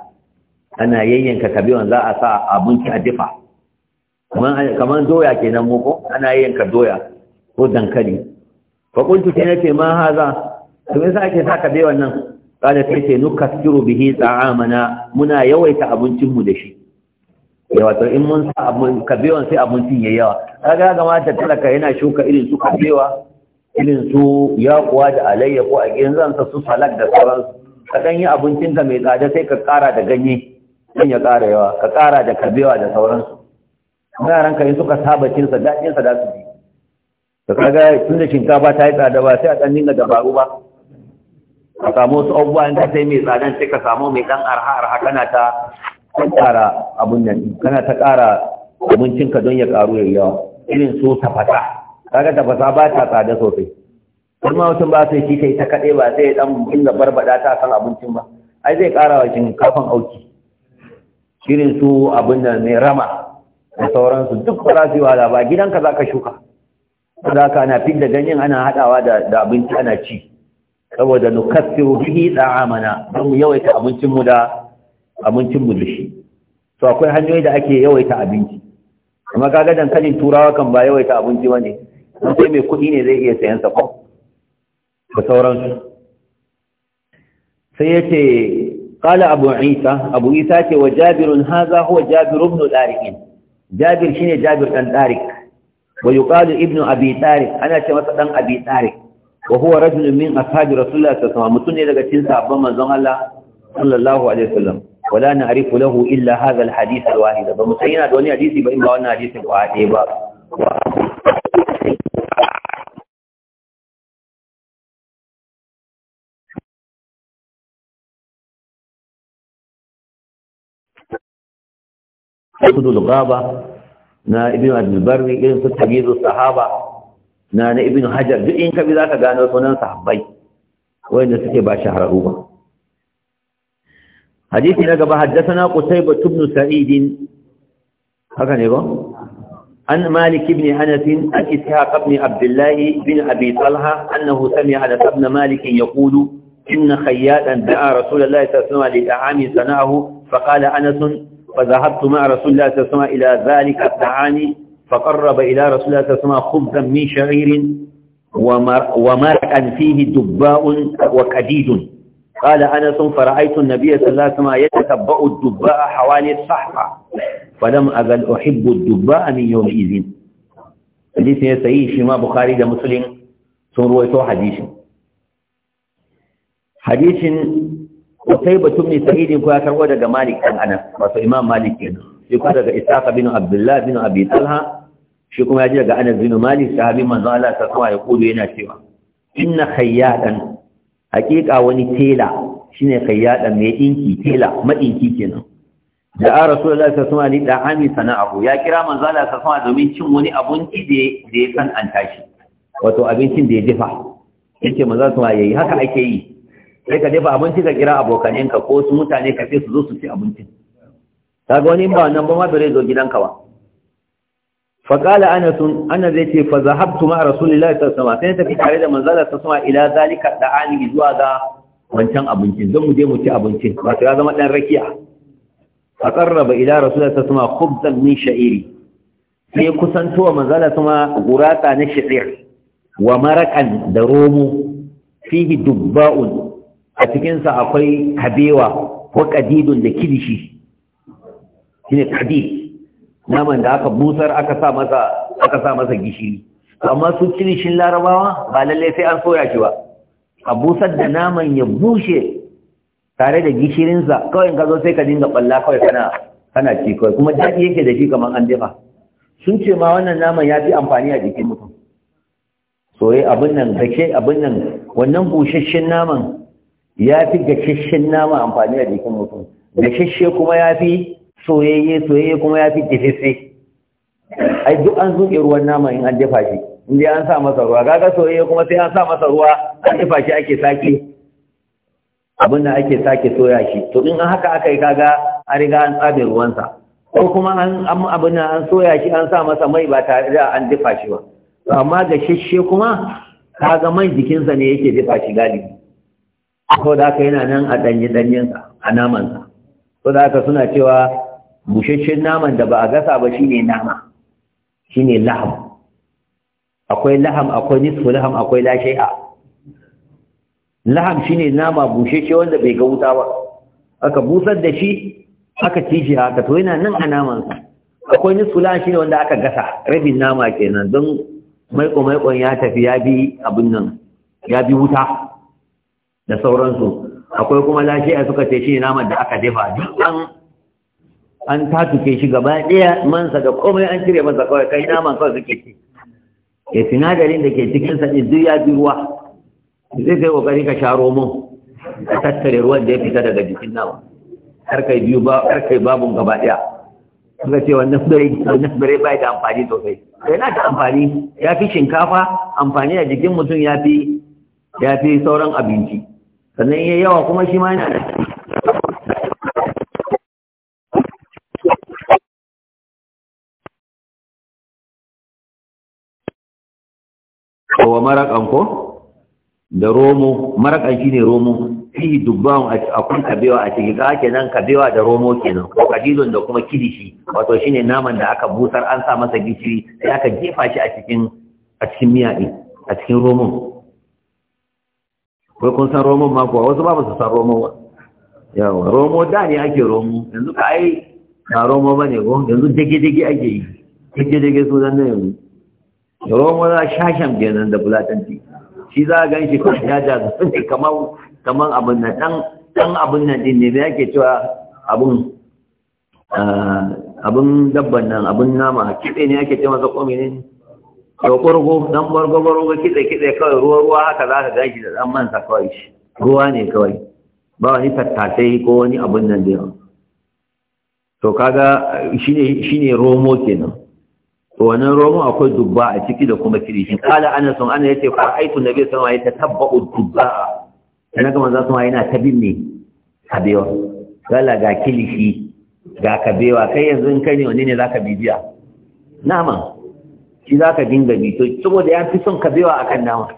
ana yayyanka kabewan za a sa abinci a dafa kamar doya ke nan muku ana yayyanka doya ko dankali fa kuntu ke nace ma haza to me ake sa kabewan nan kada sai ce kasiru bihi ta'amana muna yawaita abincin mu da shi yawa to in mun sa abun kabewan sai abincin yayi yawa kaga ga mata talaka yana shuka irin su kabewa irin su kuwa da alayya ko a gidan zansa su salak da sauransu ka ɗan yi ka mai tsada sai ka ƙara da ganye ɗan ya ƙara yawa ka ƙara da kabewa da sauransu yaran ka yi suka saba cinsa sa za su ji ka kaga tun da shinkafa ta yi tsada ba sai a ɗan dinga dabaru ba ka samu su abubuwa in ka sai mai tsada sai ka samu mai ɗan arha arha kana ta ƙara abun nan kana ta ƙara ka don ya ƙaru ya yawa irin su tafata kaga tafasa ba ta tsada sosai kuma mutum ba sai shi ta ta kaɗai ba sai ɗan inda barbada ta san abincin ba ai zai ƙara wa shinkafan auki shirin su abin da mai rama da sauransu duk ba za su yi wahala ba gidanka za ka shuka za ka fi fidda ganyen ana haɗawa da abinci ana ci saboda nukassiru bihi da'amana don mu yawaita abincinmu da mu da shi to akwai hanyoyi da ake yawaita abinci amma kaga dankalin turawa kan ba yawaita abinci bane don sai mai kuɗi ne zai iya sayan sa ko da sauransu sai ya ce kala abu isa abu isa ce wa jabirun haza huwa jabir ibn tariqin jabir shine jabir dan tariq wa yuqalu ibnu abi tariq ana ce masa dan abi tariq wa huwa rajulun min ashabi rasulullah sallallahu alaihi wasallam mutune daga cikin sahabban manzon Allah sallallahu alaihi wasallam wala na'rifu lahu illa hadha alhadith alwahid ba mutayina da wani hadisi ba in ba wannan hadisi ba ba حدود الغابة نا ابن عبد البر ابن تحجيز الصحابة نا ابن حجر دين كبيرا كانوا سنان صحبي وين سكي باشا رغوبا حديثنا كما حدثنا قصيبة بن سعيد هكا نيغو عن مالك بن أنس عن إسحاق بن عبد الله بن أبي طلحة أنه سمع أنس بن مالك يقول إن خياطا دعا رسول الله صلى الله عليه وسلم لطعام صنعه فقال أنس فذهبت مع رسول الله صلى الله عليه وسلم إلى ذلك التعاني فقرب إلى رسول الله صلى الله عليه وسلم خبزا من شعير ومرقا فيه دباء وكديد قال أنس فرأيت النبي صلى الله عليه وسلم يتتبع الدباء حوالي الصحراء فلم أزل أحب الدباء من يومئذ حديث يسعي شما بخاري ده مسلم سن رويته حديث حديث kai batun mai sa'idin ko ya karbo daga malik ɗan anas wato imam malik kenan shi daga isaka bin abdullah bin abi talha shi kuma daga anas bin malik sahabi manzo Allah ta kuma ya kudu yana cewa inna khayyadan haqiqa wani tela shine khayyadan mai dinki tela madinki kenan da a rasulullahi sallallahu alaihi wasallam da ami abu. ya kira manzo Allah sallallahu domin cin wani abinci da ya san an tashi wato abincin da ya dafa yace manzo sallallahu alaihi haka ake yi sai ka dafa abinci ka kira abokanenka ko su mutane ka sai su zo su ci abincin kaga wani ba wannan ba ma bare zo gidanka ba fa qala anas anas zai ce fa zahabtu ma rasulillahi sallallahu alaihi wasallam sai tafi tare da manzala sallallahu alaihi ila zalika da'ani zuwa ga wancan abincin zan mu je mu ci abincin wato ya zama dan rakiya aqarraba ila rasulillahi sallallahu alaihi wasallam khubzan min sha'iri sai kusantowa manzala sama gurata na shi'ir wa marakan da romo fihi dubba'un a cikinsa akwai kabewa ko kadidun da kilishi ne kadid naman da aka busar aka sa masa gishiri amma su kilishin larabawa ba lallai sai an soya shi ba a busar da naman ya bushe tare da gishirinsa kawai ka zo sai ka dinga balla kawai kana kana ci kawai kuma daɗi yake da shi kamar an jefa sun ce ma wannan naman ya fi amfani a jikin mutum soye eh, abin nan gashe abin nan wannan busasshen naman ya fi gashashen nama amfani da jikin mutum gashashe kuma ya fi soyayye soyayye kuma ya fi gashashe ai duk an zuke ruwan nama in an dafa shi in dai an sa masa ruwa gaga soyayye kuma sai an sa masa ruwa an dafa shi ake sake abin da ake sake soya shi to in haka aka yi kaga an riga an tsabe ruwansa ko kuma an abin da an soya shi an sa masa mai ba tare da an dafa shi ba amma gashashe kuma kaga man jikinsa ne yake dafa shi galibi ko da aka yana nan a ɗanye-ɗanyensa a namansa ko da aka suna cewa bushashen naman da ba a gasa ba shine nama ne laham akwai laham akwai nisfu laham akwai a laham shine nama bushashe wanda bai ga wuta ba aka busar da shi aka ci shi haka to yana nan a namansa akwai nisfu laham shine wanda aka gasa rabin nama kenan don maiko-maikon ya tafi ya bi abin nan ya bi wuta da sauransu akwai kuma lafiya suka ce shi naman da aka dafa an an tatuke shi gaba ɗaya mansa da komai an cire masa kawai kai naman kawai suke ci ke eh, sinadarin da ke cikin sa ɗin duk ya bi ruwa zai kai kokari ka sha romon ka tattare ruwan da ya fita daga jikin nama kar kai biyu ba har kai babun gaba daya suka ce wannan bare bai da amfani sosai eh, na da amfani ya fi shinkafa amfani a jikin mutum ya fi sauran abinci sannan iya yawa kuma shi ma yana da kowa marakan ko da romo marakan shi ne romo fi dubban akwai kabewa a ciki ga kenan kabewa da romo kenan ko kadidon da kuma kidishi wato shi ne naman da aka busar an sa masa gishiri sai aka jefa shi a cikin a a cikin romo kai kun san romon ma kuwa wasu ba su san romon ba yawa romo da ne ake romo yanzu ka ai ba romo ba ne ko yanzu dage-dage ake yi dage-dage su zan yanzu romo za shashen kenan da bulatanci shi za a gan shi ko ya da sun kamar kamar abin nan dan dan abin nan din ne da yake cewa abin abin ah, dabban nan abin nama kitse ne ake ce masa ko ne. da ƙurgu dan bargo-bargo kitse-kitse kawai ruwa-ruwa haka za ka gashi da ɗan mansa kawai shi ruwa ne kawai ba wani tattasai ko wani abin nan da yawa to kaga shi ne romo kenan to wannan romo akwai dubba a ciki da kuma kirishi kala ana son ana yace fa aitu nabi sallallahu alaihi wasallam ya tabba'u dubba dan ga manzo sallallahu yana tabin ne kabewa kala ga kilishi ga kabewa kai yanzu in kai ne wani ne zaka bibiya nama shi za ka dinga bi to saboda ya fi son kabewa a kan nama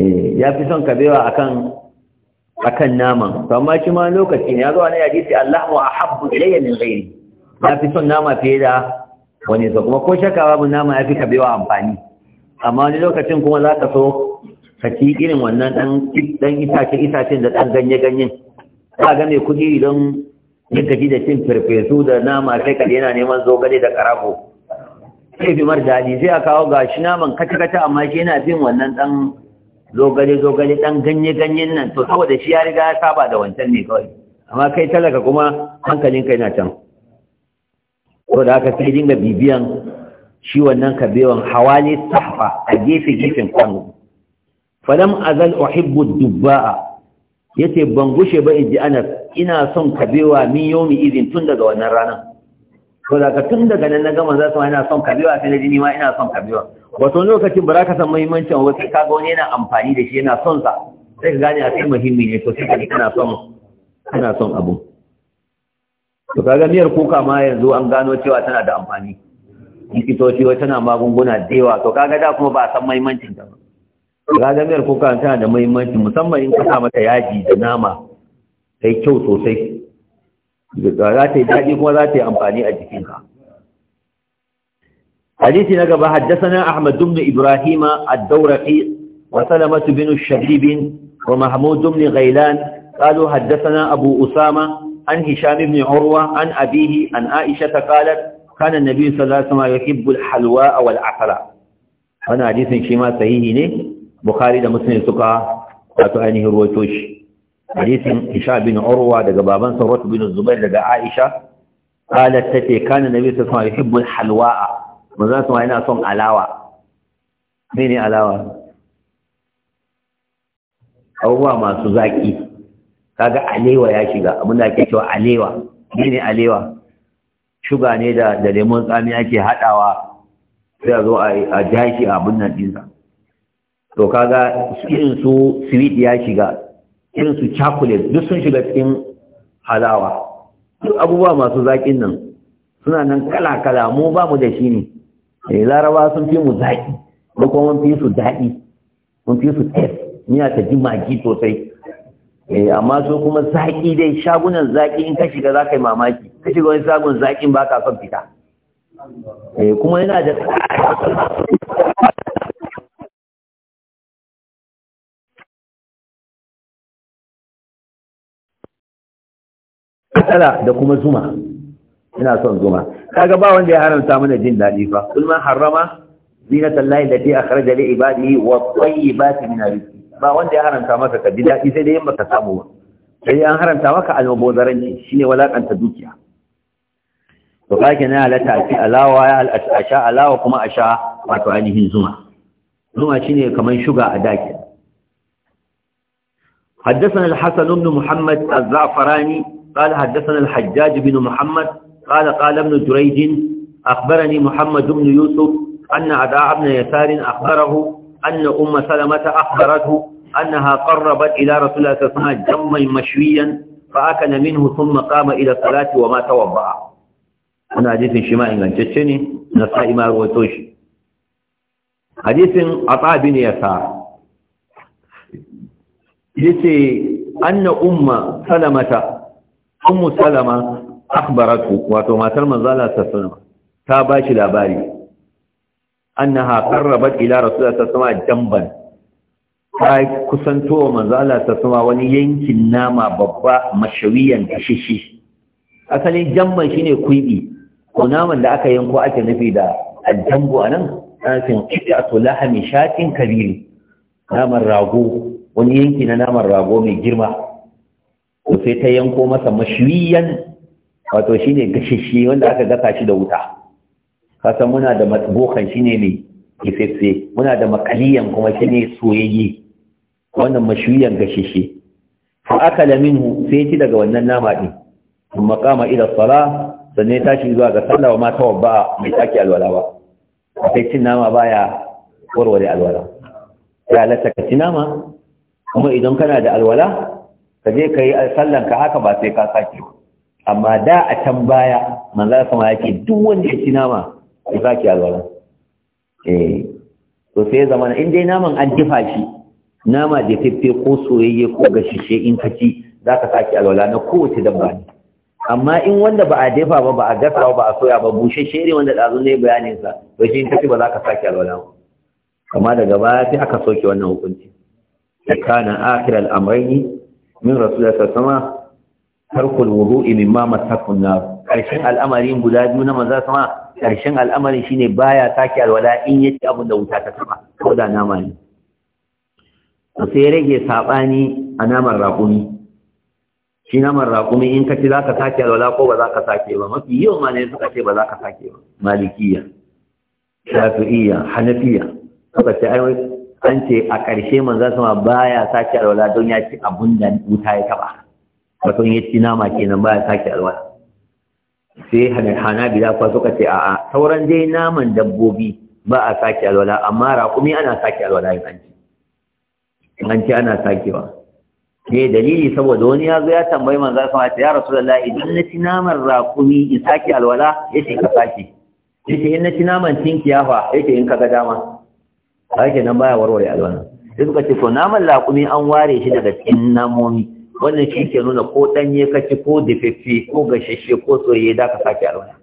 eh, ya fi son kabewa a kan a kan nama to amma shi ma lokaci ne ya zo wani hadisi Allah wa ahabbu ilayya min ghairi ya fi son nama fiye da wani so kuma ko shaka babu nama ya fi kabewa amfani amma wani lokacin kuma za ka so ka ci irin wannan dan itace itacen da dan ganye ganyen ka ga mai kuɗi idan ya gaji da cin firfesu da nama sai ka yana neman zogale da karago sai fi mar daɗi sai a kawo ga Shi naman kata amma shi yana bin wannan ɗan zogale-zogale ɗan ganye-ganyen nan to saboda shi ya riga ya saba da wancan ne kawai amma kai talaka kuma hankalin kai na can to da haka sai dinga bibiyan shi wannan kabewan hawali sahfa a gefe-gefen kwano falam azal uhibbu dubba'a yace ban gushe ba inji anas ina son kabewa min yomi izin tun daga wannan ranar to ka tun daga nan na gama za su ina son kabewa sai na ji ma ina son kabewa wato lokacin ba za ka san muhimmancin wasu ka ga wani yana amfani da shi yana son sa sai ka gane a sai muhimmi ne to sai ka ji kana son kana son abu to kaga miyar kuka ma yanzu an gano cewa tana da amfani likitoci wai tana magunguna da yawa to kaga da kuma ba san muhimmancin ta ba kaga miyar kuka tana da muhimmanci musamman in ka sa mata yaji da nama sai kyau sosai za ta yi daɗi kuma za ta yi amfani a jikinka hadisi na gaba haddasana ahmad ibn ibrahim ad-dawraqi wa salamah ibn shahib wa mahmud ibn ghailan qalu haddathana abu usama an hisham ibn urwa an abihi an aisha qalat kana nabi sallallahu alaihi wasallam yuhibbu al-halwa wal afra wannan hadisin shi ma sahihi ne bukhari da muslim suka wato ainihin ruwaito shi hadisin isha bin urwa daga baban sarwat bin zubair daga aisha qalat tace kana nabi sallallahu alaihi wasallam yuhibbul halwa manzo sama yana son alawa mene alawa abubuwa masu zaki kaga alewa ya shiga da ake cewa alewa mene alewa shuga ne da da lemon tsami ake hadawa sai a zo a jashi abin nan dinsa to kaga irin su sweet ya shiga irin su chocolate duk sun shiga cikin halawa duk abubuwa masu zakin nan suna nan kala-kala mu ba mu da shi ne eh laraba sun fi mu zaƙi ko kuma mun fi su daɗi mun fi su test miya ta ji magi sosai eh amma so kuma zaƙi dai shagunan zaƙi in ka shiga za ka yi mamaki ka shiga wani shagun zaƙin ba ka son fita eh kuma yana da akala da kuma zuma ina son zuma kaga ba wanda ya haramta mana jin daɗi fa kul man harrama zinata allahi allati akhraja li ibadihi wa tayyibati min rizqi ba wanda ya haramta maka ka ji daɗi sai dai in baka samu ba sai an haramta maka almubazaranci shine walakanta dukiya to kake na halatta ci alawa ya al'asha alawa kuma asha wato ainihin zuma zuma shine kaman shuga a daki حدثنا الحسن بن محمد الزعفراني قال حدثنا الحجاج بن محمد قال قال ابن جريج أخبرني محمد بن يوسف أن عداء بن يسار أخبره أن أم سلمة أخبرته أنها قربت إلى رسول الله صلى الله عليه وسلم جما مشويا فأكل منه ثم قام إلى الصلاة وما توضأ أنا حديث شماء لنجتشني نسائي ما رويتوش حديث عطاء بن يسار yace anna umma salamata ummu salama akhbaratu wato matar manzo Allah sallallahu ta ba shi labari annaha qarrabat ila rasulullah sallallahu alaihi wasallam jamban ta kusanto manzo Allah sallallahu wani yankin nama babba mashawiyan kashishi asalin jamban shine kuibi ko naman da aka yanko ake nufi da aljambu anan kafin qit'atu lahmi shatin kabiri naman rago wani yanki na naman rago mai girma ko sai ta yanko masa mashwiyan wato shine gashishi wanda aka gasa shi da wuta kasa muna da shi ne mai kifetse muna da makaliyan kuma shi ne soyayye wannan mashwiyan gashishi fa aka minhu sai ci daga wannan nama ɗin in makama ila sala ya tashi zuwa ga sallah wa ta wabba mai taki alwala ba sai cin nama baya warware alwala ya lasa ka ci nama kuma idan kana da alwala ka je ka yi sallan ka haka ba sai ka sake ba amma da a can baya manzara sama yake duk wanda ya ci nama ya sake alwala eh to sai zaman in dai naman an jifa shi nama da fefe ko soyayye ko gashishe in ka ci za ka sake alwala na kowace dabba amma in wanda ba a dafa ba ba a gasa ba a soya ba bushashe ne wanda ɗazu ne bayanin sa to shi in tafi ba za ka sake alwala amma daga baya sai aka soke wannan hukunci kana akhiral amrayni min rasulullah sallallahu tarkul wudu'i ma masakun nar karshen al'amarin guda biyu na maza sama karshen al'amarin shine baya sake alwala in yace abin da wuta ta sama ko da nama ne sai rage saɓani a naman raƙumi shi naman raƙumi in ka ci za ka sake alwala ko ba za ka sake ba mafi yau ma ne suka ce ba za ka sake ba malikiya shafi'iyya hanafiya suka ce ai an ce a ƙarshe manzo sama baya sake alwala don ya ci abun da wuta ya taba wato ya ci nama kenan baya sake alwala sai hana biya kuwa suka ce a'a sauran dai naman dabbobi ba a sake alwala amma raƙumi ana sake alwala yin hanci hanci ana sakewa ne dalili saboda wani ya zo ya tambayi manzo sama ta ya rasu rasulullah idan na ci naman raƙumi in sake alwala ya ce ka sake ce in na ci naman tinkiya fa ce in ka ga dama ke nan baya warware alwana sai suka ce to naman laƙumi an ware shi daga cikin namomi wannan shi ke nuna ko ɗanye kaci ko dafaffe ko gashashe ko soyayye da ka sake alwana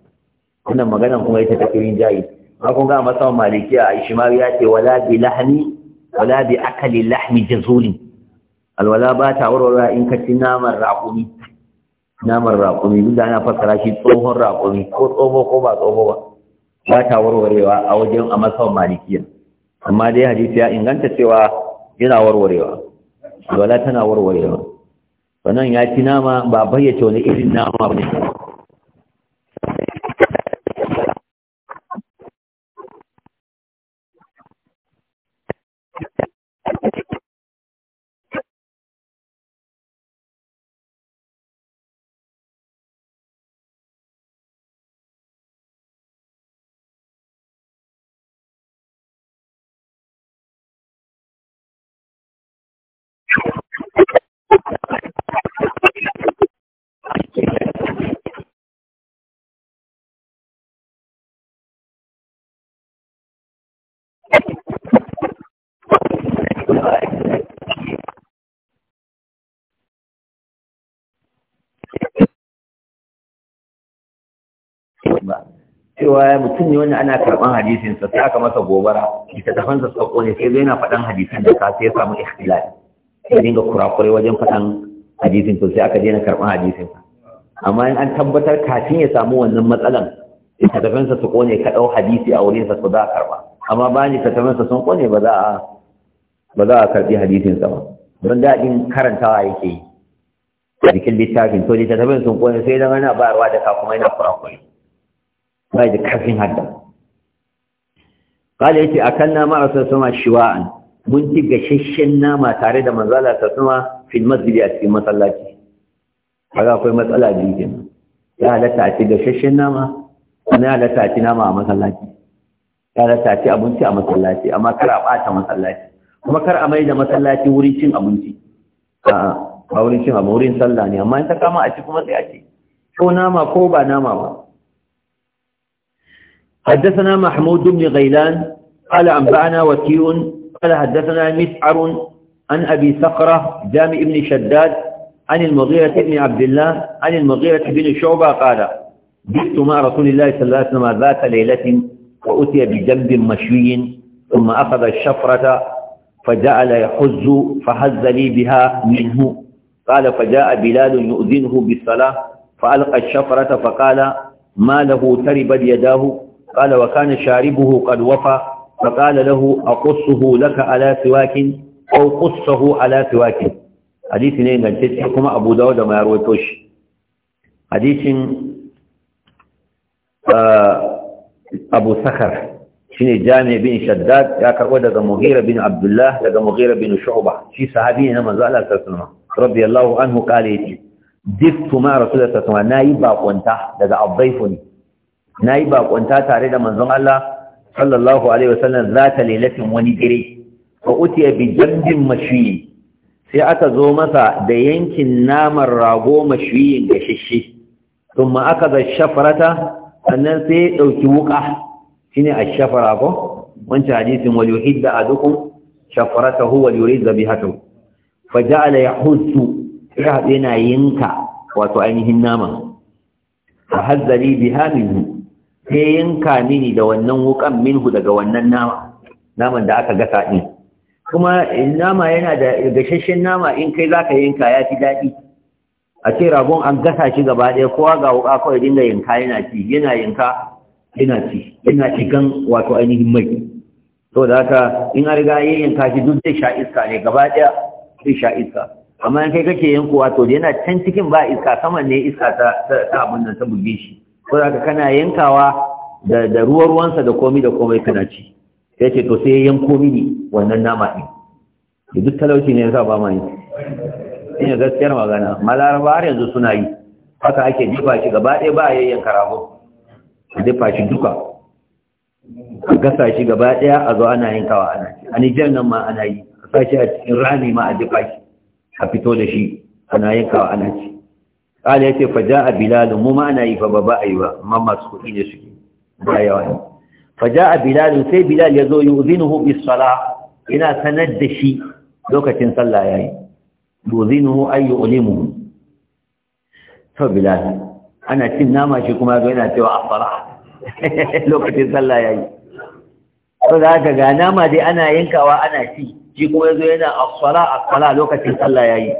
wannan maganan kuma ita ta kirin jayi ma kun ga masa malikiya a ishmawi ya ce wala bi lahmi wala bi akali lahmi jazuli alwala ba ta warware in kaci naman raƙumi naman raƙumi duk da ana fassara shi tsohon raƙumi ko tsoho ko ba tsoho ba ba ta warwarewa a wajen a masa malikiya amma dai hadisi ya inganta cewa yana warwarewa wala tana warwarewa wannan ya ci nama ba bayyace wani irin nama ba ne cewa mutum ne wanda ana karɓan hadisinsa sai aka masa gobara ita ta littattafansa sauko ne sai yana faɗan hadisin da ka sai samu ikhtilal sai dinga kurakurai wajen faɗan hadisin to sai aka daina karɓan hadisin amma in an tabbatar kafin ya samu wannan matsalan ita ta littattafansa su kone ka ɗau hadisi a sa su za a karɓa amma bayan littattafansa sauko ne ba za a ba za a karɓi hadisinsa ba don daɗin karantawa yake yi a jikin littafin to ita ta littattafan sun kone sai zama yana bayarwa da ka kuma yana kurakurai bai da kafin hadda kala yace akanna ma sama shiwa'an mun ci gashashen nama tare da manzala ta sama fil masjid a cikin masallaci kaga akwai matsala biyu din ya halatta a ci gashashen nama kuma ya halatta a ci nama a masallaci ya halatta a ci abinci a masallaci amma kar a bata masallaci kuma kar a mai da masallaci wurin cin abinci a'a ba wurin cin abinci wurin sallah ne amma in ta kama a ci kuma sai a ci ko nama ko ba nama ba حدثنا محمود بن غيلان قال أنبأنا وكيء قال حدثنا مسعر عن أبي صخرة جامع بن شداد عن المغيرة بن عبد الله عن المغيرة بن شعبة قال جئت مع رسول الله صلى الله عليه وسلم ذات ليلة وأتي بجنب مشوي ثم أخذ الشفرة فجعل يحز فهز لي بها منه قال فجاء بلال يؤذنه بالصلاة فألقى الشفرة فقال ما له تربت يداه قال وكان شاربه قد وفى فقال له أقصه لك على سواك أو قصه على سواك حديث نين التسحكم أبو داود ما يرويتوش حديث أبو سخر شنو جامع بن شداد يا كرو دغ مغيره بن عبد الله دغ مغيره بن شعبه شي صحابي انا من زال الله رضي الله عنه قال دفت مع رسول الله صلى الله عليه وسلم نايبا كنت دغ الضيفني na yi bakonta tare da manzon Allah sallallahu alaihi wasallam za ta lailatin wani gire. dire fa utiya bi jambin mashuyi sai aka zo masa da yankin naman rago mashuyin gashishe thumma aka za shafarata sannan sai ya dauki wuka shine ash-shafara ko wancan hadisin wal yuhidda adukum shafaratahu wal yurid zabihatahu fa ja'ala yahussu ya yana yinka wato ainihin naman fa hazzali biha minhu ke yanka mini da wannan wukan minhu daga wannan nama naman da aka gasa ɗin kuma nama yana da gashashen nama in kai za ka yanka ya fi daɗi a ce ragon an gasa shi gaba ɗaya kowa ga wuka kawai dinga yanka yana ci yana yanka yana ci yana gan wato ainihin mai to da haka in an riga yanka shi duk zai sha iska ne gaba ɗaya zai sha iska amma in kai kake yankowa to yana can cikin ba iska saman ne iska ta abin nan ta buge shi ko da kana yankawa da da ruwan ruwansa da komai da komai kana ci sai ce to sai ya yanko mini wannan nama din da duk talauci ne yasa ba ma yi ina gaskiyar magana malar har yanzu suna yi haka ake jifa shi gaba ɗaya ba a yayyanka rago a jifa shi duka a gasa shi gaba ɗaya a zo ana yankawa ana ci a nijar nan ma ana yi a sa a cikin rami ma a jifa shi a fito da shi ana yankawa ana ci kala ce fa a bilal mu ma ana yi fa ba ba ayi ba amma masu kuɗi ne suke ba yawa ne fa a bilal sai bilal ya zo yuzinuhu bis sala ina sanar da shi lokacin sallah ya yi, yayi yuzinuhu ay yu'limuhu fa bilal ana cin nama shi kuma ga yana cewa afara lokacin sallah ya yi, to da ka ga nama dai ana yankawa ana ci shi kuma yazo yana afara afara lokacin sallah ya yayi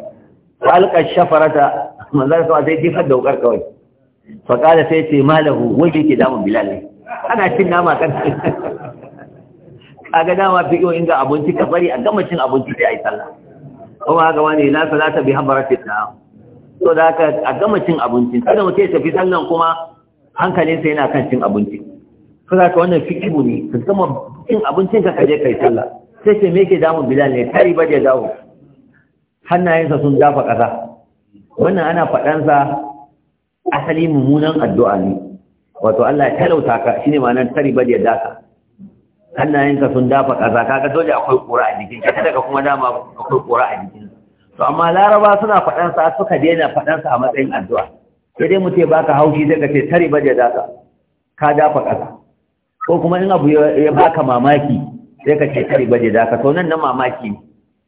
halqa shafarata manzan kawai sai jifar da wukar kawai faƙada sai ce malahu wajen ke damun bilal ne ana cin nama kan kaga dama fi yau inga abinci ka bari a gama cin abinci sai a yi sallah kuma haka wani na ta bi hambara ce ta so da haka a gama cin abinci sai da mutum ya tafi sallan kuma hankalinsa yana kan cin abinci kuma ka haka wannan fikibu ne ka gama cin abincin ka kaje kai sallah sai ce me ke damun bilal ne tari ba da dawo hannayensa sun dafa ƙasa wannan ana faɗansa asali mummunan addu'a ne wato Allah ya talauta ka shi ne ma'anar tari ba ya daka hannayenka sun dafa ƙasa ga dole akwai ƙura a jikin ka daga kuma dama akwai ƙura a jikin to amma laraba suna faɗansa suka daina faɗansa a matsayin addu'a sai dai mu ce baka haushi sai ka ce tari ba ya daka ka dafa ƙasa ko kuma in abu ya baka mamaki sai ka ce tari ba ya daka to nan na mamaki ne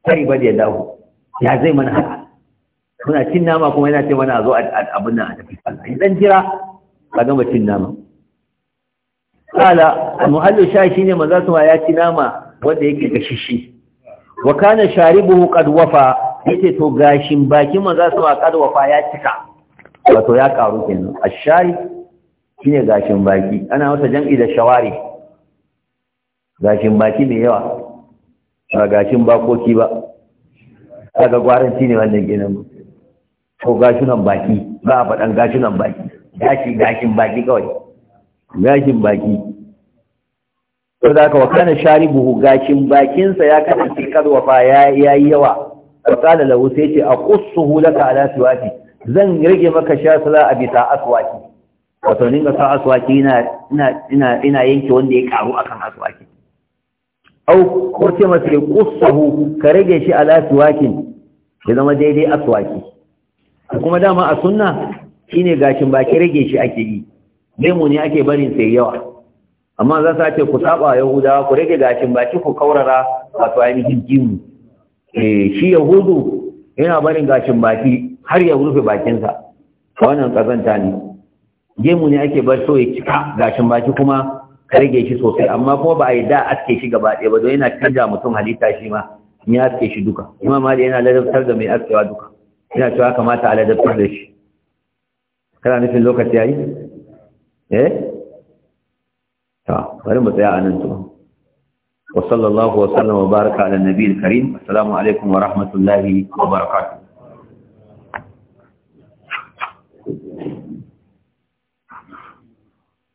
tari bari ya dawo ya zai mana haka muna cin nama kuma yana ce mana a zo abin nan a tafi Allah dan jira ka gama cin nama kala muhallu sha shine manzo sama ya ci nama wanda yake shishi wa kana sharibuhu qad wafa yace to gashin bakin manzo sama qad wafa ya cika wato ya karu kenan ashari shine gashin baki ana masa jam'i da shawari gashin baki mai yawa ba gashin bakoki ba kaga gwaranci ne wannan ginin ko gashinan baki ba a faɗan gashinan baki gashi gashin baki kawai gashin baki to da aka wakana buhu? gashin bakinsa ya kasance fa ya yi yawa wa kala lahu sai ce a qussuhu laka ala siwaki zan rage maka sha sala a bisa aswaki wato ni ga sa aswaki ina ina yanke wanda ya karu akan aswaki au ko ce masa hu ka rage shi ala siwakin ya zama daidai aswaki kuma dama a sunna shine gashin baki rage shi ake yi lemu ne ake barin sai yawa amma za su ce ku saba yahudawa ku rage gashin baki ku kaurara wato ainihin jimu eh, shi yahudu yana barin gashin baki har ya rufe bakinsa wannan kazanta ne gemu ne ake bar so ya cika gashin baki kuma ka rage shi sosai amma kuma ba a yi da aske shi gaba ɗaya ba don yana canza mutum halitta shi ma ya aske shi duka imam yana ladabtar da mai askewa duka ina cewa kamata aladabtar da shi kana nufin lokaci yi? eh ta bari mu tsaya a nan to wa sallallahu wa baraka ala nabiyil karim assalamu alaikum wa rahmatullahi wa barakatuh